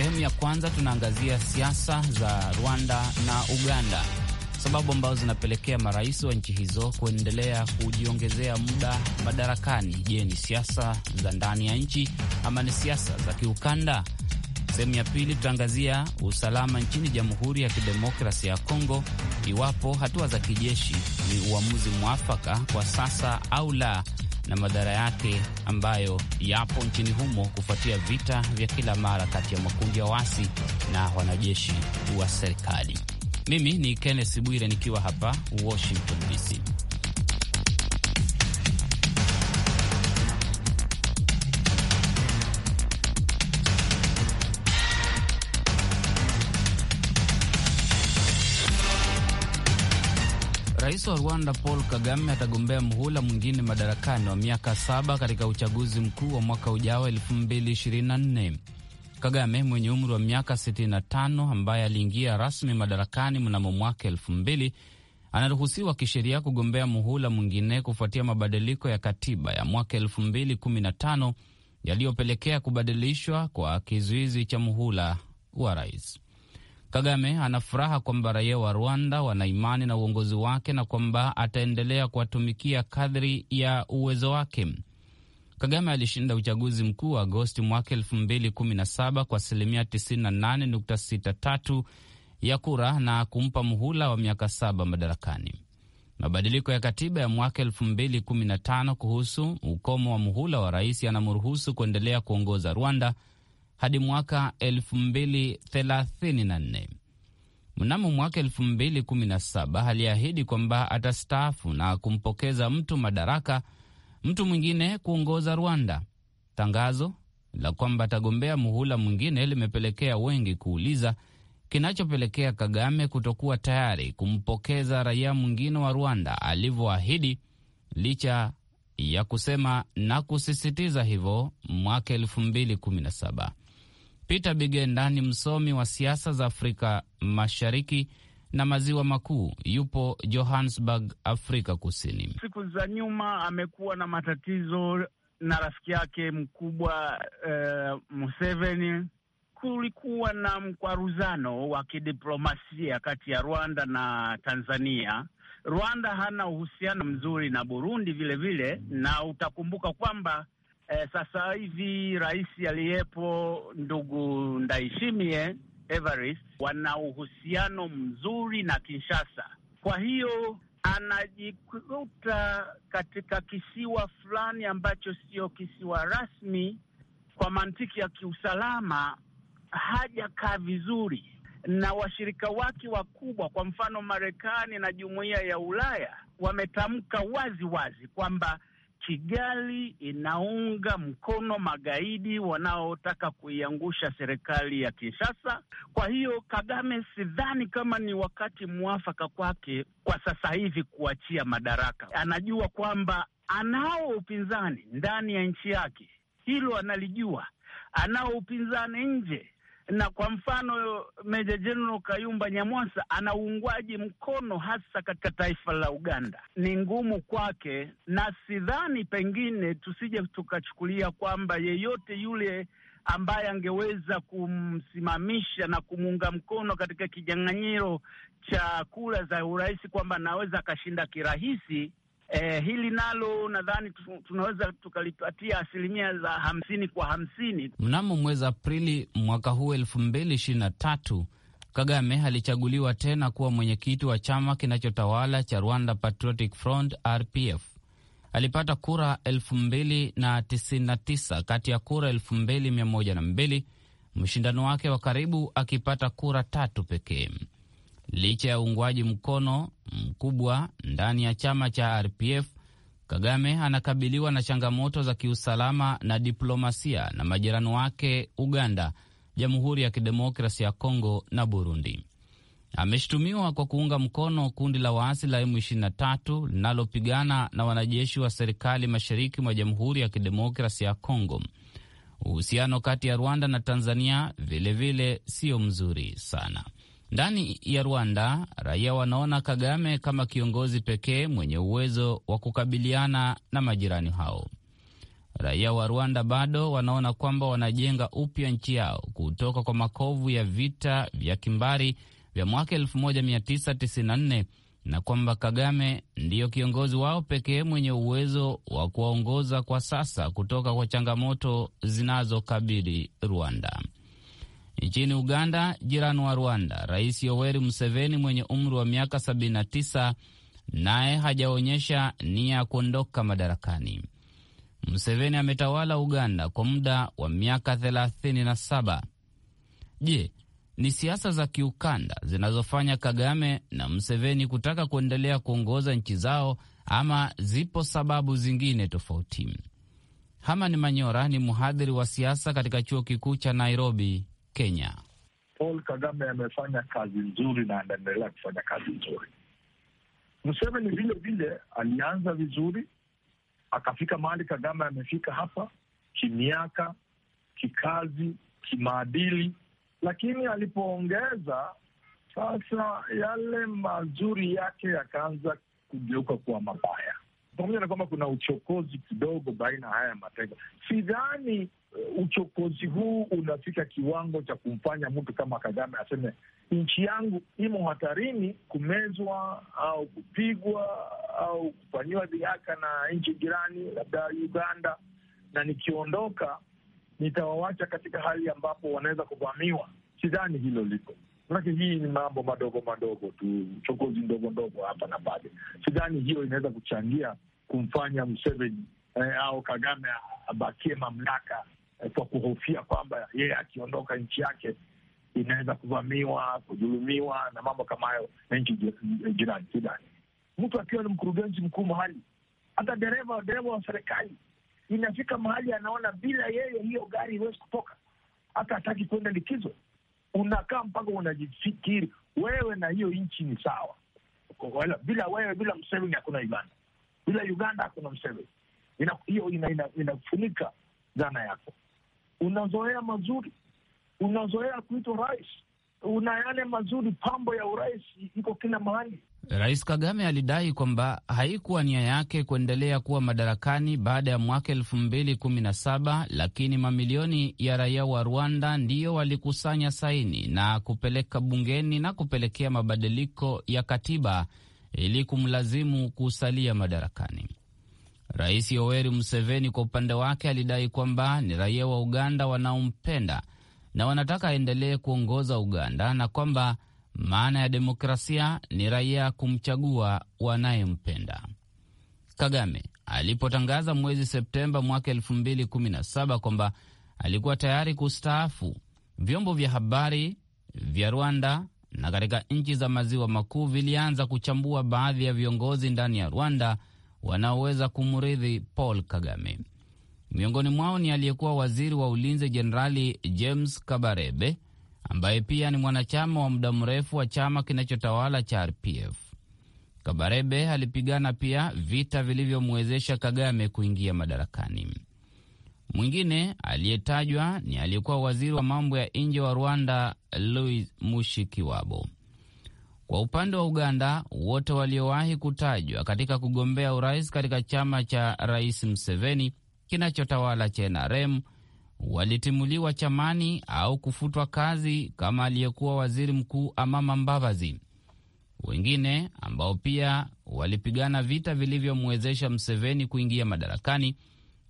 Sehemu ya kwanza tunaangazia siasa za Rwanda na Uganda, sababu ambazo zinapelekea marais wa nchi hizo kuendelea kujiongezea muda madarakani. Je, ni siasa za ndani ya nchi ama ni siasa za kiukanda? Sehemu ya pili tutaangazia usalama nchini Jamhuri ya Kidemokrasia ya Kongo, iwapo hatua za kijeshi ni uamuzi mwafaka kwa sasa au la, na madhara yake ambayo yapo nchini humo kufuatia vita vya kila mara kati ya makundi ya waasi na wanajeshi wa serikali. Mimi ni Kenneth Bwire nikiwa hapa Washington DC. Rais wa Rwanda Paul Kagame atagombea mhula mwingine madarakani wa miaka saba katika uchaguzi mkuu wa mwaka ujao 2024. Kagame mwenye umri wa miaka 65 ambaye aliingia rasmi madarakani mnamo mwaka 2000 anaruhusiwa kisheria kugombea muhula mwingine kufuatia mabadiliko ya katiba ya mwaka 2015 yaliyopelekea kubadilishwa kwa kizuizi cha muhula wa rais. Kagame ana furaha kwamba raia wa Rwanda wana imani na uongozi wake na kwamba ataendelea kuwatumikia kadri ya uwezo wake. Kagame alishinda uchaguzi mkuu wa Agosti mwaka 2017 kwa asilimia 98.63 ya kura na kumpa muhula wa miaka saba madarakani. Mabadiliko ya katiba ya mwaka 2015 kuhusu ukomo wa muhula wa rais yanamruhusu kuendelea kuongoza Rwanda hadi mwaka 2034. Mnamo mwaka 2017 aliahidi kwamba atastaafu na kumpokeza mtu madaraka, mtu mwingine kuongoza Rwanda. Tangazo la kwamba atagombea muhula mwingine limepelekea wengi kuuliza kinachopelekea Kagame kutokuwa tayari kumpokeza raia mwingine wa Rwanda alivyoahidi, licha ya kusema na kusisitiza hivyo mwaka 2017. Peter Bigenda ni msomi wa siasa za Afrika Mashariki na maziwa makuu, yupo Johannesburg, Afrika Kusini. Siku za nyuma amekuwa na matatizo na rafiki yake mkubwa uh, Museveni. Kulikuwa na mkwaruzano wa kidiplomasia kati ya Rwanda na Tanzania. Rwanda hana uhusiano mzuri na Burundi vilevile vile, na utakumbuka kwamba E, sasa hivi rais aliyepo ndugu Ndaishimie Evariste wana uhusiano mzuri na Kinshasa, kwa hiyo anajikuta katika kisiwa fulani ambacho sio kisiwa rasmi. Kwa mantiki ya kiusalama, hajakaa vizuri na washirika wake wakubwa, kwa mfano Marekani na jumuiya ya Ulaya wametamka wazi wazi kwamba Kigali inaunga mkono magaidi wanaotaka kuiangusha serikali ya Kinshasa. Kwa hiyo, Kagame sidhani kama ni wakati mwafaka kwake kwa sasa hivi kuachia madaraka. Anajua kwamba anao upinzani ndani ya nchi yake, hilo analijua, anao upinzani nje na kwa mfano Meja Jeneral Kayumba Nyamwasa ana uungwaji mkono hasa katika taifa la Uganda. Ni ngumu kwake, na sidhani pengine tusije tukachukulia kwamba yeyote yule ambaye angeweza kumsimamisha na kumuunga mkono katika kinyang'anyiro cha kura za urais kwamba anaweza akashinda kirahisi, eh, hili nalo nadhani tunaweza tukalipatia asilimia za hamsini kwa hamsini. Mnamo mwezi Aprili mwaka huu elfu mbili ishirini na tatu Kagame alichaguliwa tena kuwa mwenyekiti wa chama kinachotawala cha Rwanda Patriotic Front RPF. Alipata kura elfu mbili na tisa kati ya kura elfu mbili mshindano wake wa karibu akipata kura tatu pekee. Licha ya uungwaji mkono mkubwa ndani ya chama cha RPF, Kagame anakabiliwa na changamoto za kiusalama na diplomasia na majirani wake Uganda, Jamhuri ya kidemokrasi ya Kongo na Burundi. Ameshutumiwa kwa kuunga mkono kundi la waasi la M23 linalopigana na wanajeshi wa serikali mashariki mwa Jamhuri ya kidemokrasi ya Kongo. Uhusiano kati ya Rwanda na Tanzania vilevile sio mzuri sana. Ndani ya Rwanda, raia wanaona Kagame kama kiongozi pekee mwenye uwezo wa kukabiliana na majirani hao. Raia wa Rwanda bado wanaona kwamba wanajenga upya nchi yao kutoka kwa makovu ya vita vya kimbari vya mwaka 1994 na kwamba Kagame ndiyo kiongozi wao pekee mwenye uwezo wa kuwaongoza kwa sasa kutoka kwa changamoto zinazokabili Rwanda. Nchini Uganda, jirani wa Rwanda, Rais Yoweri Museveni mwenye umri wa miaka 79 naye hajaonyesha nia ya kuondoka madarakani. Museveni ametawala Uganda kwa muda wa miaka 37. Je, ni siasa za kiukanda zinazofanya Kagame na Museveni kutaka kuendelea kuongoza nchi zao ama zipo sababu zingine tofauti? Hamani Manyora ni mhadhiri wa siasa katika chuo kikuu cha Nairobi Kenya. Paul Kagame amefanya kazi nzuri na anaendelea kufanya kazi nzuri. Museveni vile vile alianza vizuri, akafika mahali Kagame amefika hapa kimiaka, kikazi, kimaadili, lakini alipoongeza sasa, yale mazuri yake yakaanza kugeuka kuwa mabaya, pamoja na kwamba kuna uchokozi kidogo baina haya mataifa. Sidhani uchokozi huu unafika kiwango cha kumfanya mtu kama Kagame aseme nchi yangu imo hatarini kumezwa au kupigwa au kufanyiwa dhihaka na nchi jirani, labda Uganda, na nikiondoka nitawawacha katika hali ambapo wanaweza kuvamiwa. Sidhani hilo liko manake. Hii ni mambo madogo madogo tu, uchokozi ndogo ndogo hapa na pale. Sidhani hiyo inaweza kuchangia kumfanya Museveni eh, au Kagame abakie mamlaka Eh, kwa kuhofia kwamba yeye akiondoka nchi yake inaweza kuvamiwa, kujulumiwa na mambo kama hayo na nchi eh, jirani Sudani. Mtu akiwa ni mkurugenzi mkuu mahali, hata dereva dereva wa serikali, inafika mahali anaona bila yeye hiyo gari iwezi kutoka, hata hataki kwenda likizo. Unakaa mpaka unajifikiri wewe na hiyo nchi ni sawa. Bila wewe, bila mseveni hakuna Uganda, bila Uganda hakuna mseveni Hiyo ina, inafunika ina, ina dhana yako unazoea mazuri, unazoea kuitwa rais, una yale mazuri, pambo ya urais iko kila mahali. Rais Kagame alidai kwamba haikuwa nia yake kuendelea kuwa madarakani baada ya mwaka elfu mbili kumi na saba lakini mamilioni ya raia wa Rwanda ndiyo walikusanya saini na kupeleka bungeni na kupelekea mabadiliko ya katiba ili kumlazimu kusalia madarakani. Rais Yoweri Museveni kwa upande wake alidai kwamba ni raia wa Uganda wanaompenda na wanataka aendelee kuongoza Uganda na kwamba maana ya demokrasia ni raia kumchagua wanayempenda. Kagame alipotangaza mwezi Septemba mwaka 2017 kwamba alikuwa tayari kustaafu, vyombo vya habari vya Rwanda na katika nchi za maziwa makuu vilianza kuchambua baadhi ya viongozi ndani ya Rwanda wanaoweza kumrithi Paul Kagame. Miongoni mwao ni aliyekuwa waziri wa ulinzi Jenerali James Kabarebe, ambaye pia ni mwanachama wa muda mrefu wa chama kinachotawala cha RPF. Kabarebe alipigana pia vita vilivyomwezesha Kagame kuingia madarakani. Mwingine aliyetajwa ni aliyekuwa waziri wa mambo ya nje wa Rwanda Louis Mushikiwabo. Kwa upande wa Uganda, wote waliowahi kutajwa katika kugombea urais katika chama cha Rais Mseveni kinachotawala cha NRM e walitimuliwa chamani au kufutwa kazi kama aliyekuwa waziri mkuu Amama Mbabazi. Wengine ambao pia walipigana vita vilivyomwezesha Mseveni kuingia madarakani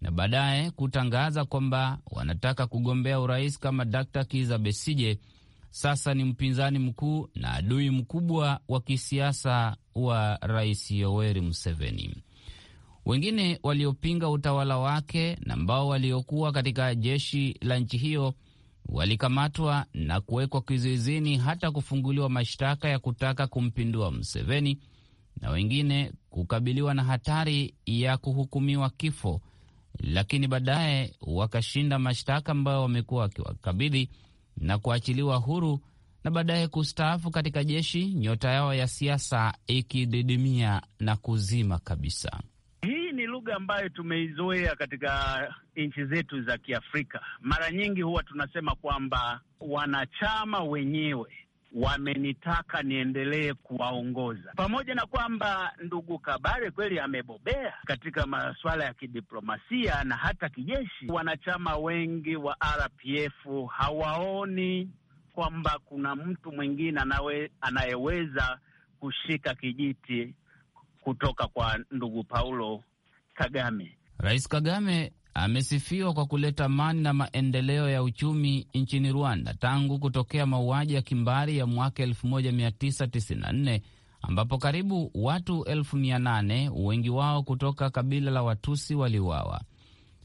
na baadaye kutangaza kwamba wanataka kugombea urais kama Dr Kiza Besije sasa ni mpinzani mkuu na adui mkubwa wa kisiasa wa Rais Yoweri Museveni. Wengine waliopinga utawala wake na ambao waliokuwa katika jeshi la nchi hiyo walikamatwa na kuwekwa kizuizini, hata kufunguliwa mashtaka ya kutaka kumpindua Museveni, na wengine kukabiliwa na hatari ya kuhukumiwa kifo, lakini baadaye wakashinda mashtaka ambayo wamekuwa wakiwakabidhi na kuachiliwa huru na baadaye kustaafu katika jeshi, nyota yao ya siasa ikididimia na kuzima kabisa. Hii ni lugha ambayo tumeizoea katika nchi zetu za Kiafrika. Mara nyingi huwa tunasema kwamba wanachama wenyewe wamenitaka niendelee kuwaongoza, pamoja na kwamba ndugu Kabare kweli amebobea katika masuala ya kidiplomasia na hata kijeshi. Wanachama wengi wa RPF hawaoni kwamba kuna mtu mwingine anayeweza kushika kijiti kutoka kwa ndugu Paulo Kagame. Rais Kagame amesifiwa kwa kuleta amani na maendeleo ya uchumi nchini Rwanda tangu kutokea mauaji ya kimbari ya mwaka 1994 ambapo karibu watu 8 wengi wao kutoka kabila la Watusi waliuawa.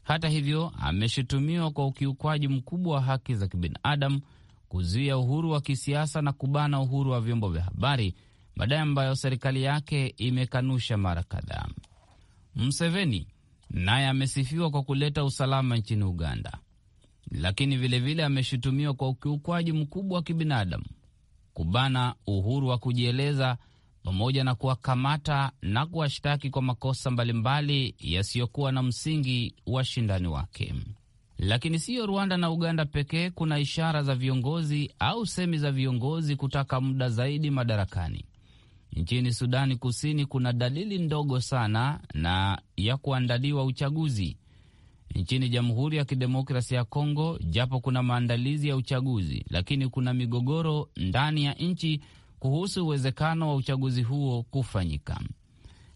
Hata hivyo, ameshutumiwa kwa ukiukwaji mkubwa wa haki za kibinadamu, kuzuia uhuru wa kisiasa na kubana uhuru wa vyombo vya habari, madai ambayo serikali yake imekanusha mara kadhaa. Mseveni naye amesifiwa kwa kuleta usalama nchini Uganda, lakini vilevile ameshutumiwa kwa ukiukwaji mkubwa wa kibinadamu, kubana uhuru wa kujieleza, pamoja na kuwakamata na kuwashtaki kwa makosa mbalimbali yasiyokuwa na msingi washindani wake. Lakini siyo Rwanda na Uganda pekee. Kuna ishara za viongozi au semi za viongozi kutaka muda zaidi madarakani. Nchini Sudani Kusini kuna dalili ndogo sana na ya kuandaliwa uchaguzi. Nchini Jamhuri ya Kidemokrasia ya Kongo, japo kuna maandalizi ya uchaguzi, lakini kuna migogoro ndani ya nchi kuhusu uwezekano wa uchaguzi huo kufanyika.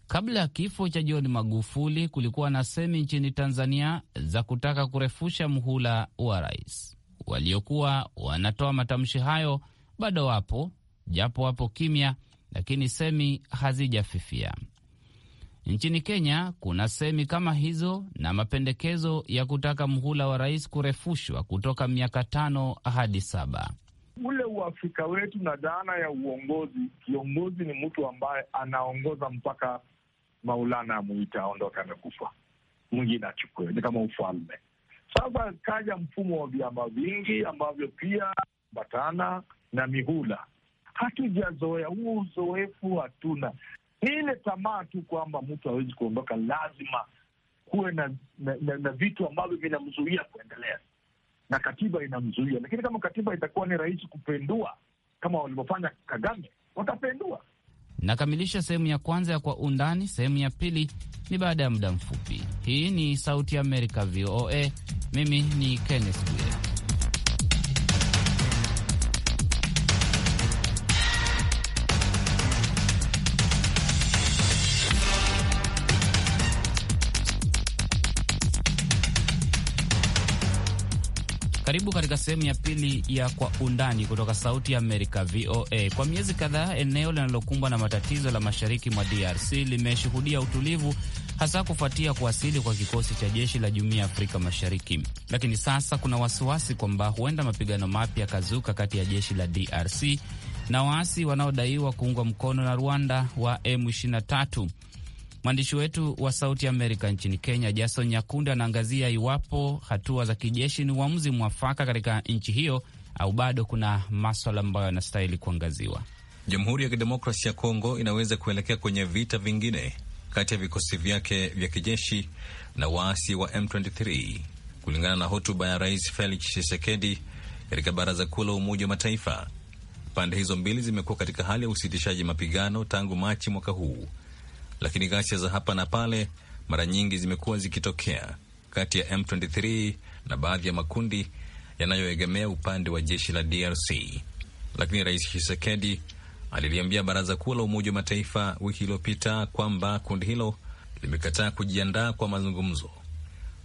Kabla ya kifo cha John Magufuli, kulikuwa na semi nchini Tanzania za kutaka kurefusha muhula wa rais. Waliokuwa wanatoa matamshi hayo bado wapo, japo wapo kimya lakini semi hazijafifia. Nchini Kenya kuna semi kama hizo na mapendekezo ya kutaka mhula wa rais kurefushwa kutoka miaka tano hadi saba. Ule uafrika wetu na dhana ya uongozi, kiongozi ni mtu ambaye anaongoza mpaka Maulana amuita aondoke, amekufa, mwingine achukue, ni kama ufalme. Sasa kaja mfumo wa vyama vingi ambavyo pia ambatana na mihula hatujazoea huo uzoefu, hatuna ile tamaa tu kwamba mtu hawezi kuondoka, lazima kuwe na, na, na, na vitu ambavyo vinamzuia kuendelea, na katiba inamzuia. Lakini kama katiba itakuwa ni rahisi kupendua kama walivyofanya Kagame, watapendua. Nakamilisha sehemu ya kwanza ya Kwa Undani. Sehemu ya pili ni baada ya muda mfupi. Hii ni Sauti ya Amerika, VOA. Mimi ni Kenneth Bwire. Karibu katika sehemu ya pili ya Kwa Undani kutoka Sauti ya Amerika, VOA. Kwa miezi kadhaa, eneo linalokumbwa na matatizo la mashariki mwa DRC limeshuhudia utulivu, hasa kufuatia kuwasili kwa kikosi cha jeshi la Jumuiya ya Afrika Mashariki. Lakini sasa kuna wasiwasi kwamba huenda mapigano mapya kazuka kati ya jeshi la DRC na waasi wanaodaiwa kuungwa mkono na Rwanda wa M23. Mwandishi wetu wa Sauti Amerika nchini Kenya, Jason Nyakunda, anaangazia iwapo hatua za kijeshi ni uamuzi mwafaka katika nchi hiyo au bado kuna maswala ambayo yanastahili kuangaziwa. Jamhuri ya Kidemokrasi ya Kongo inaweza kuelekea kwenye vita vingine kati ya vikosi vyake vya kijeshi na waasi wa M23 kulingana na hotuba ya Rais Felix Tshisekedi katika Baraza Kuu la Umoja wa Mataifa. Pande hizo mbili zimekuwa katika hali ya usitishaji mapigano tangu Machi mwaka huu lakini ghasia za hapa na pale mara nyingi zimekuwa zikitokea kati ya M23 na baadhi ya makundi yanayoegemea upande wa jeshi la DRC. Lakini Rais Tshisekedi aliliambia Baraza Kuu la Umoja wa Mataifa wiki iliyopita kwamba kundi hilo limekataa kujiandaa kwa mazungumzo.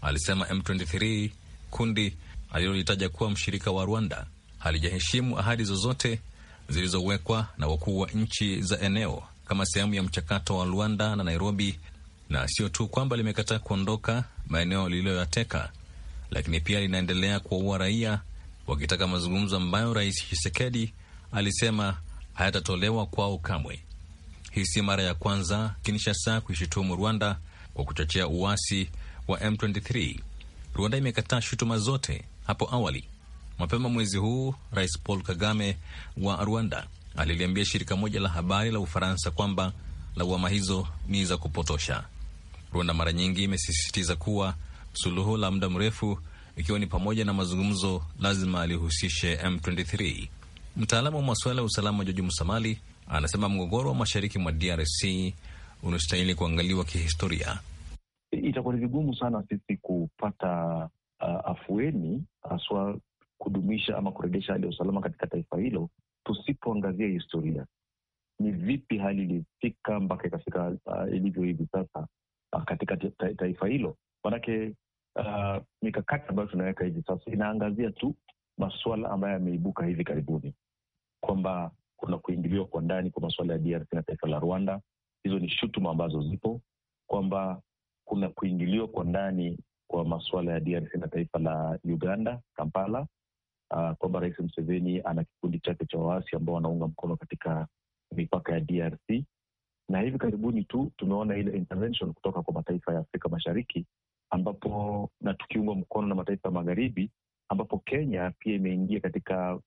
Alisema M23, kundi alilolitaja kuwa mshirika wa Rwanda, halijaheshimu ahadi zozote zilizowekwa na wakuu wa nchi za eneo kama sehemu ya mchakato wa Luanda na Nairobi, na sio tu kwamba limekataa kuondoka maeneo liliyoyateka, lakini pia linaendelea kuwaua raia, wakitaka mazungumzo ambayo Rais Tshisekedi alisema hayatatolewa kwao kamwe. Hii si mara ya kwanza Kinshasa kuishutumu Rwanda kwa kuchochea uasi wa M23. Rwanda imekataa shutuma zote hapo awali. Mapema mwezi huu, Rais Paul Kagame wa Rwanda aliliambia shirika moja la habari la Ufaransa kwamba lawama hizo ni za kupotosha. Rwanda mara nyingi imesisitiza kuwa suluhu la muda mrefu, ikiwa ni pamoja na mazungumzo, lazima alihusishe M23. Mtaalamu wa masuala ya usalama Joji Musamali anasema mgogoro wa mashariki mwa DRC unastahili kuangaliwa kihistoria. Itakuwa ni vigumu sana sisi kupata uh, afueni haswa kudumisha ama kurejesha hali ya usalama katika taifa hilo tusipoangazia historia, ni vipi hali ilifika mpaka ikafika uh, ilivyo hivi sasa uh, katika taifa hilo. Maanake uh, mikakati ambayo tunaweka hivi sasa inaangazia tu masuala ambayo yameibuka hivi karibuni, kwamba kuna kuingiliwa kwa ndani kwa masuala ya DRC na taifa la Rwanda. Hizo ni shutuma ambazo zipo kwamba kuna kuingiliwa kwa ndani kwa masuala ya DRC na taifa la Uganda, Kampala, uh, kwamba Rais mseveni ana kikundi chake cha waasi ambao wanaunga mkono katika mipaka ya DRC, na hivi karibuni tu tumeona ile intervention kutoka kwa mataifa ya Afrika Mashariki ambapo na tukiungwa mkono na mataifa ya magharibi, ambapo Kenya pia imeingia katika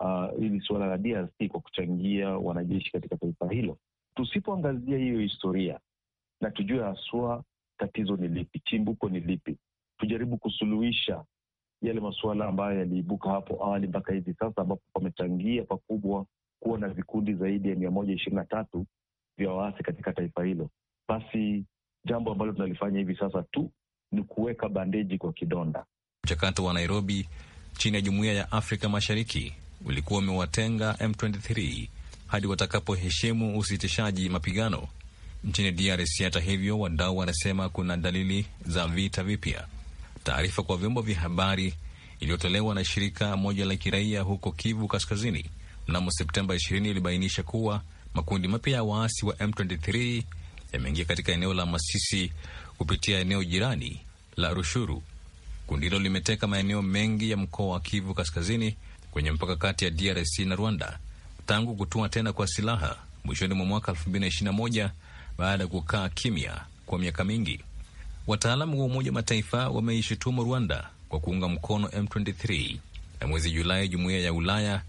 ah, hili uh, suala la DRC kwa kuchangia wanajeshi katika taifa hilo. Tusipoangazia hiyo historia na tujue haswa tatizo ni lipi, chimbuko ni lipi, tujaribu kusuluhisha yale masuala ambayo yaliibuka hapo awali mpaka hivi sasa, ambapo pamechangia pakubwa kuwa na vikundi zaidi ya mia moja ishirini na tatu vya waasi katika taifa hilo. Basi jambo ambalo tunalifanya hivi sasa tu ni kuweka bandeji kwa kidonda. Mchakato wa Nairobi chini ya Jumuiya ya Afrika Mashariki ulikuwa umewatenga M23 hadi watakapoheshimu usitishaji mapigano nchini DRC. Hata hivyo, wadau wanasema kuna dalili za vita vipya. Taarifa kwa vyombo vya habari iliyotolewa na shirika moja la kiraia huko Kivu Kaskazini mnamo Septemba 20 ilibainisha kuwa makundi mapya ya waasi wa M23 yameingia katika eneo la Masisi kupitia eneo jirani la Rushuru. Kundi hilo limeteka maeneo mengi ya mkoa wa Kivu Kaskazini kwenye mpaka kati ya DRC na Rwanda tangu kutua tena kwa silaha mwishoni mwa mwaka 2021 baada ya kukaa kimya kwa miaka mingi. Wataalamu wa Umoja wa Mataifa wameishutumu Rwanda kwa kuunga mkono M23 na mwezi Julai jumuiya ya Ulaya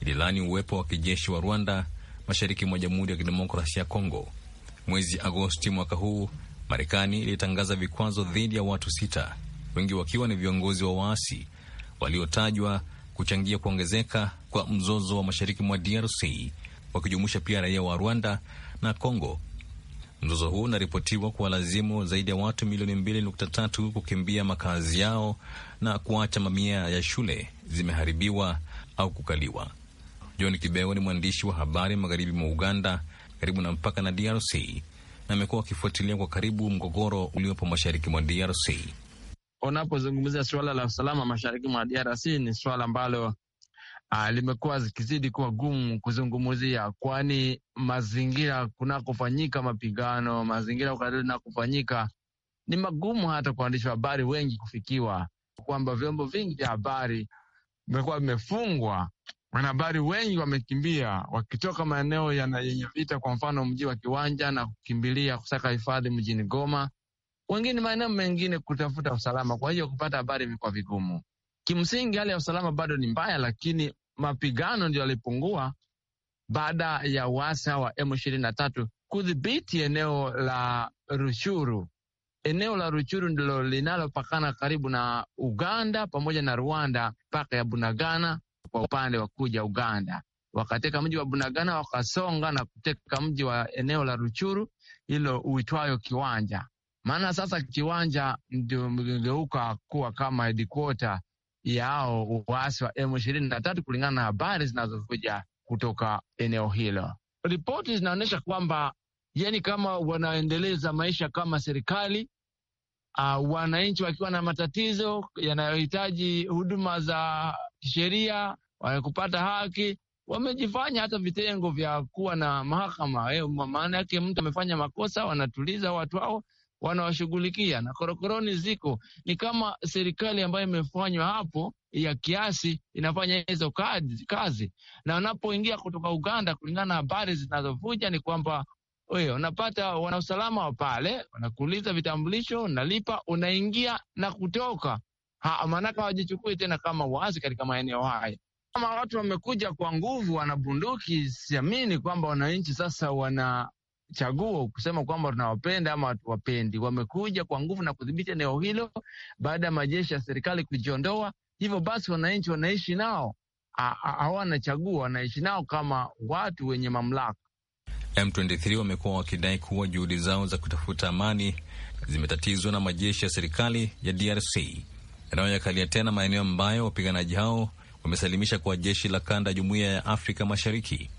ililani uwepo wa kijeshi wa Rwanda mashariki mwa Jamhuri ya Kidemokrasia ya Kongo. Mwezi Agosti mwaka huu Marekani ilitangaza vikwazo dhidi ya watu sita, wengi wakiwa ni viongozi wa waasi waliotajwa kuchangia kuongezeka kwa mzozo wa mashariki mwa DRC wakijumuisha pia raia wa Rwanda na Kongo Mzozo huu unaripotiwa kuwalazimu zaidi ya watu milioni mbili nukta tatu kukimbia makazi yao na kuacha mamia ya shule zimeharibiwa au kukaliwa. John Kibeo ni mwandishi wa habari magharibi mwa Uganda, karibu na mpaka na DRC, na amekuwa akifuatilia kwa karibu mgogoro uliopo mashariki mwa DRC. Unapozungumzia suala la usalama mashariki mwa DRC, ni suala ambalo uh, limekuwa zikizidi kuwa gumu kuzungumzia, kwani mazingira kunakofanyika mapigano, mazingira kunakofanyika ni magumu hata kwa waandishi wa habari wengi kufikiwa, kwamba vyombo vingi vya habari vimekuwa vimefungwa. Wanahabari wengi wamekimbia wakitoka maeneo yenye vita, kwa mfano mji wa Kiwanja, na kukimbilia kusaka hifadhi mjini Goma, wengine maeneo mengine kutafuta usalama. Kwa hiyo kupata habari imekuwa vigumu. Kimsingi hali ya usalama bado ni mbaya, lakini mapigano ndio yalipungua baada ya wasa wa M23 kudhibiti eneo la Ruchuru. Eneo la Ruchuru ndilo linalopakana karibu na Uganda pamoja na Rwanda, mpaka ya Bunagana kwa upande wa kuja Uganda. Wakateka mji wa Bunagana, wakasonga na kuteka mji wa eneo la Ruchuru hilo uitwayo Kiwanja. Maana sasa Kiwanja ndio mgeuka kuwa kama headquarter yao waasi wa M ishirini na tatu kulingana na habari zinazovuja kutoka eneo hilo. Ripoti zinaonyesha kwamba yani kama wanaendeleza maisha kama serikali uh, wananchi wakiwa na matatizo yanayohitaji huduma za sheria kupata haki, wamejifanya hata vitengo vya kuwa na mahakama. Eh, maana yake mtu amefanya makosa, wanatuliza watu hao wanawashughulikia na korokoroni ziko. Ni kama serikali ambayo imefanywa hapo ya kiasi inafanya hizo kazi, kazi. Na wanapoingia kutoka Uganda, kulingana na habari zinazovuja ni kwamba we, unapata wanausalama wa pale wanakuuliza vitambulisho, unalipa, unaingia na kutoka, maanake hawajichukui tena kama waasi katika maeneo haya kama watu wamekuja kwa nguvu, wana bunduki, siamini kwamba wananchi sasa wana chaguo kusema kwamba tunawapenda ama hatuwapendi. Wamekuja kwa nguvu na kudhibiti eneo hilo baada ya majeshi ya serikali kujiondoa. Hivyo basi, wananchi wanaishi nao, hawana chaguo, wanaishi nao kama watu wenye mamlaka. M23 wamekuwa wakidai kuwa juhudi zao za kutafuta amani zimetatizwa na majeshi ya serikali ya DRC yanayoyakalia tena maeneo ambayo wapiganaji hao wamesalimisha kwa jeshi la kanda ya Jumuiya ya Afrika Mashariki.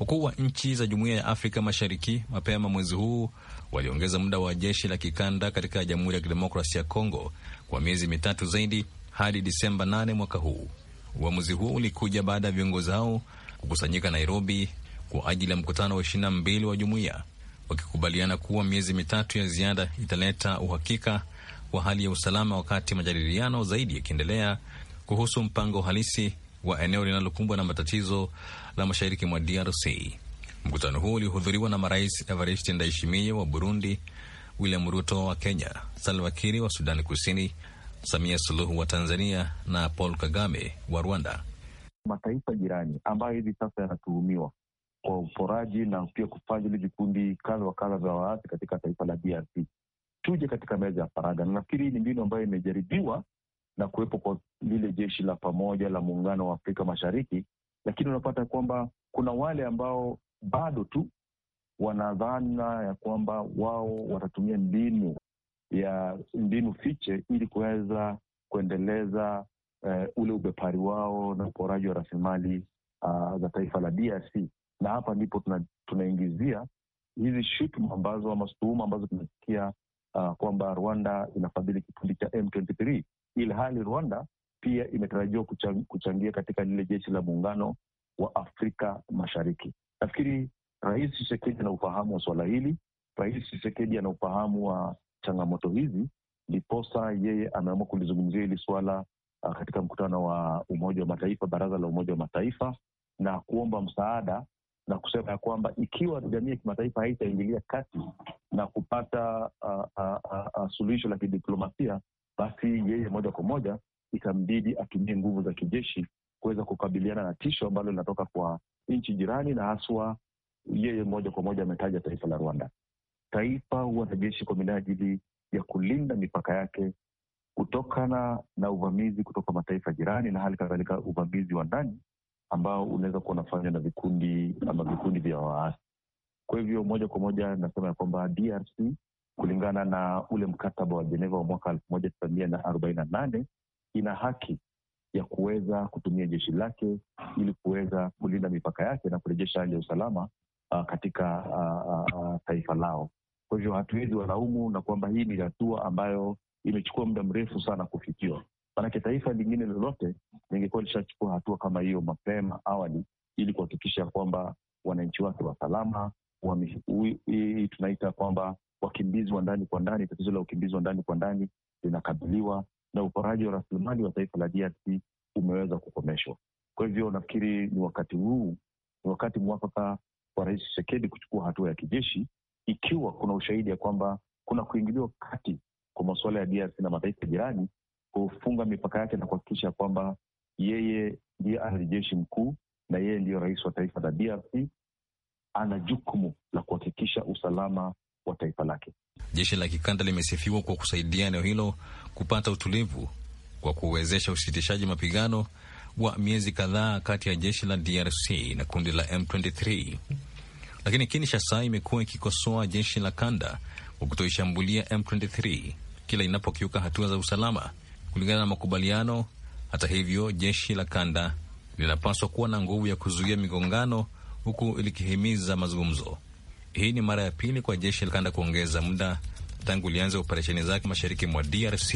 Wakuu wa nchi za Jumuiya ya Afrika Mashariki mapema mwezi huu waliongeza muda wa jeshi la kikanda katika Jamhuri ya kidemokrasi ya Kongo kwa miezi mitatu zaidi hadi Disemba 8 mwaka huu. Uamuzi huo ulikuja baada ya viongozi hao kukusanyika Nairobi kwa ajili ya mkutano wa ishirini na mbili wa jumuiya, wakikubaliana kuwa miezi mitatu ya ziada italeta uhakika wa hali ya usalama, wakati majadiliano zaidi yakiendelea kuhusu mpango halisi wa eneo linalokumbwa na matatizo la mashariki mwa DRC. Mkutano huo ulihudhuriwa na marais Evariste Ndayishimiye wa Burundi, William Ruto wa Kenya, Salva Kiir wa Sudani Kusini, Samia Suluhu wa Tanzania na Paul Kagame wa Rwanda. Mataifa jirani ambayo hivi sasa yanatuhumiwa kwa uporaji na pia kufanya ile vikundi kadha wa kadha vya waasi katika taifa la DRC, tuje katika meza ya faragha, na nafikiri hii ni mbinu ambayo imejaribiwa na kuwepo kwa lile jeshi la pamoja la muungano wa Afrika Mashariki, lakini unapata kwamba kuna wale ambao bado tu wanadhana ya kwamba wao watatumia mbinu ya mbinu fiche ili kuweza kuendeleza uh, ule ubepari wao na uporaji wa rasilimali uh, za taifa la DRC, na hapa ndipo tunaingizia tuna hizi shutuma ambazo ama stuhuma ambazo tunasikia uh, ah, kwamba Rwanda inafadhili kikundi cha M23 ilhali Rwanda pia imetarajiwa kuchang, kuchangia katika lile jeshi la muungano wa Afrika Mashariki. Nafikiri Rais chisekedi ana ufahamu wa swala hili, Rais chisekedi ana ufahamu wa changamoto hizi, ndiposa yeye ameamua kulizungumzia hili swala uh, katika mkutano wa Umoja wa Mataifa, Baraza la Umoja wa Mataifa, na kuomba msaada na kusema ya kwamba ikiwa jamii ya kimataifa haitaingilia kati na kupata uh, uh, uh, uh suluhisho la kidiplomasia, basi yeye moja kwa moja itambidi atumie nguvu za kijeshi kuweza kukabiliana na tisho ambalo linatoka kwa nchi jirani, na haswa yeye moja kwa moja ametaja taifa la Rwanda. Taifa huwa na jeshi kwa minajili ya kulinda mipaka yake kutokana na uvamizi kutoka mataifa jirani na hali kadhalika uvamizi wa ndani ambao unaweza kuwa unafanywa na vikundi ama vikundi vya waasi. Kwa hivyo moja kwa moja nasema ya kwamba DRC kulingana na ule mkataba wa Jeneva wa mwaka elfu moja tisa mia na arobaini na nane ina haki ya kuweza kutumia jeshi lake ili kuweza kulinda mipaka yake na kurejesha hali ya usalama uh, katika uh, uh, taifa lao. Kwa hivyo hatuwezi walaumu na kwamba hii ni hatua ambayo imechukua muda mrefu sana kufikiwa, maanake taifa lingine lolote lingekuwa lishachukua hatua kama hiyo mapema awali ili kuhakikisha kwamba wananchi wake wa salama, tunaita kwamba wakimbizi wa ndani kwa ndani, tatizo la ukimbizi wa ndani kwa ndani linakabiliwa na uporaji wa rasilimali wa taifa la DRC umeweza kukomeshwa. Kwa hivyo nafikiri ni wakati huu, ni wakati mwafaka wa Rais Tshisekedi kuchukua hatua ya kijeshi ikiwa kuna ushahidi ya kwamba kuna kuingiliwa kati kwa masuala ya DRC na mataifa jirani kufunga mipaka yake na kuhakikisha kwamba yeye ndiye amiri jeshi mkuu na yeye ndiyo rais wa taifa la DRC. Ana jukumu la kuhakikisha usalama wa taifa lake. Jeshi la kikanda limesifiwa kwa kusaidia eneo hilo kupata utulivu kwa kuwezesha usitishaji mapigano wa miezi kadhaa kati ya jeshi la DRC na kundi la M23, lakini Kinshasa imekuwa ikikosoa jeshi la kanda kwa kutoishambulia M23 kila inapokiuka hatua za usalama kulingana na makubaliano. Hata hivyo, jeshi la kanda linapaswa kuwa na nguvu ya kuzuia migongano, huku likihimiza mazungumzo. Hii ni mara ya pili kwa jeshi la kuongeza muda tangu ilianza operesheni zake mashariki mwa DRC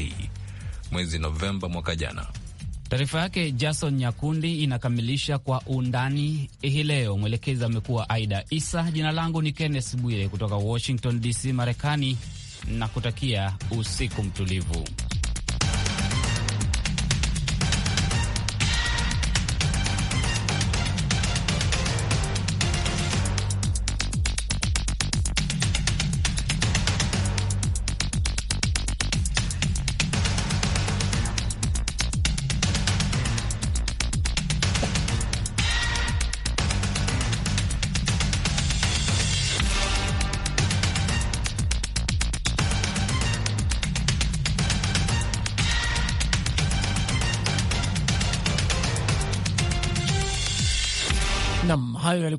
mwezi Novemba mwaka jana. Taarifa yake Jason Nyakundi inakamilisha kwa undani hii leo. Mwelekezi amekuwa Aida Isa. Jina langu ni Kenneth Bwire kutoka Washington DC, Marekani, na kutakia usiku mtulivu.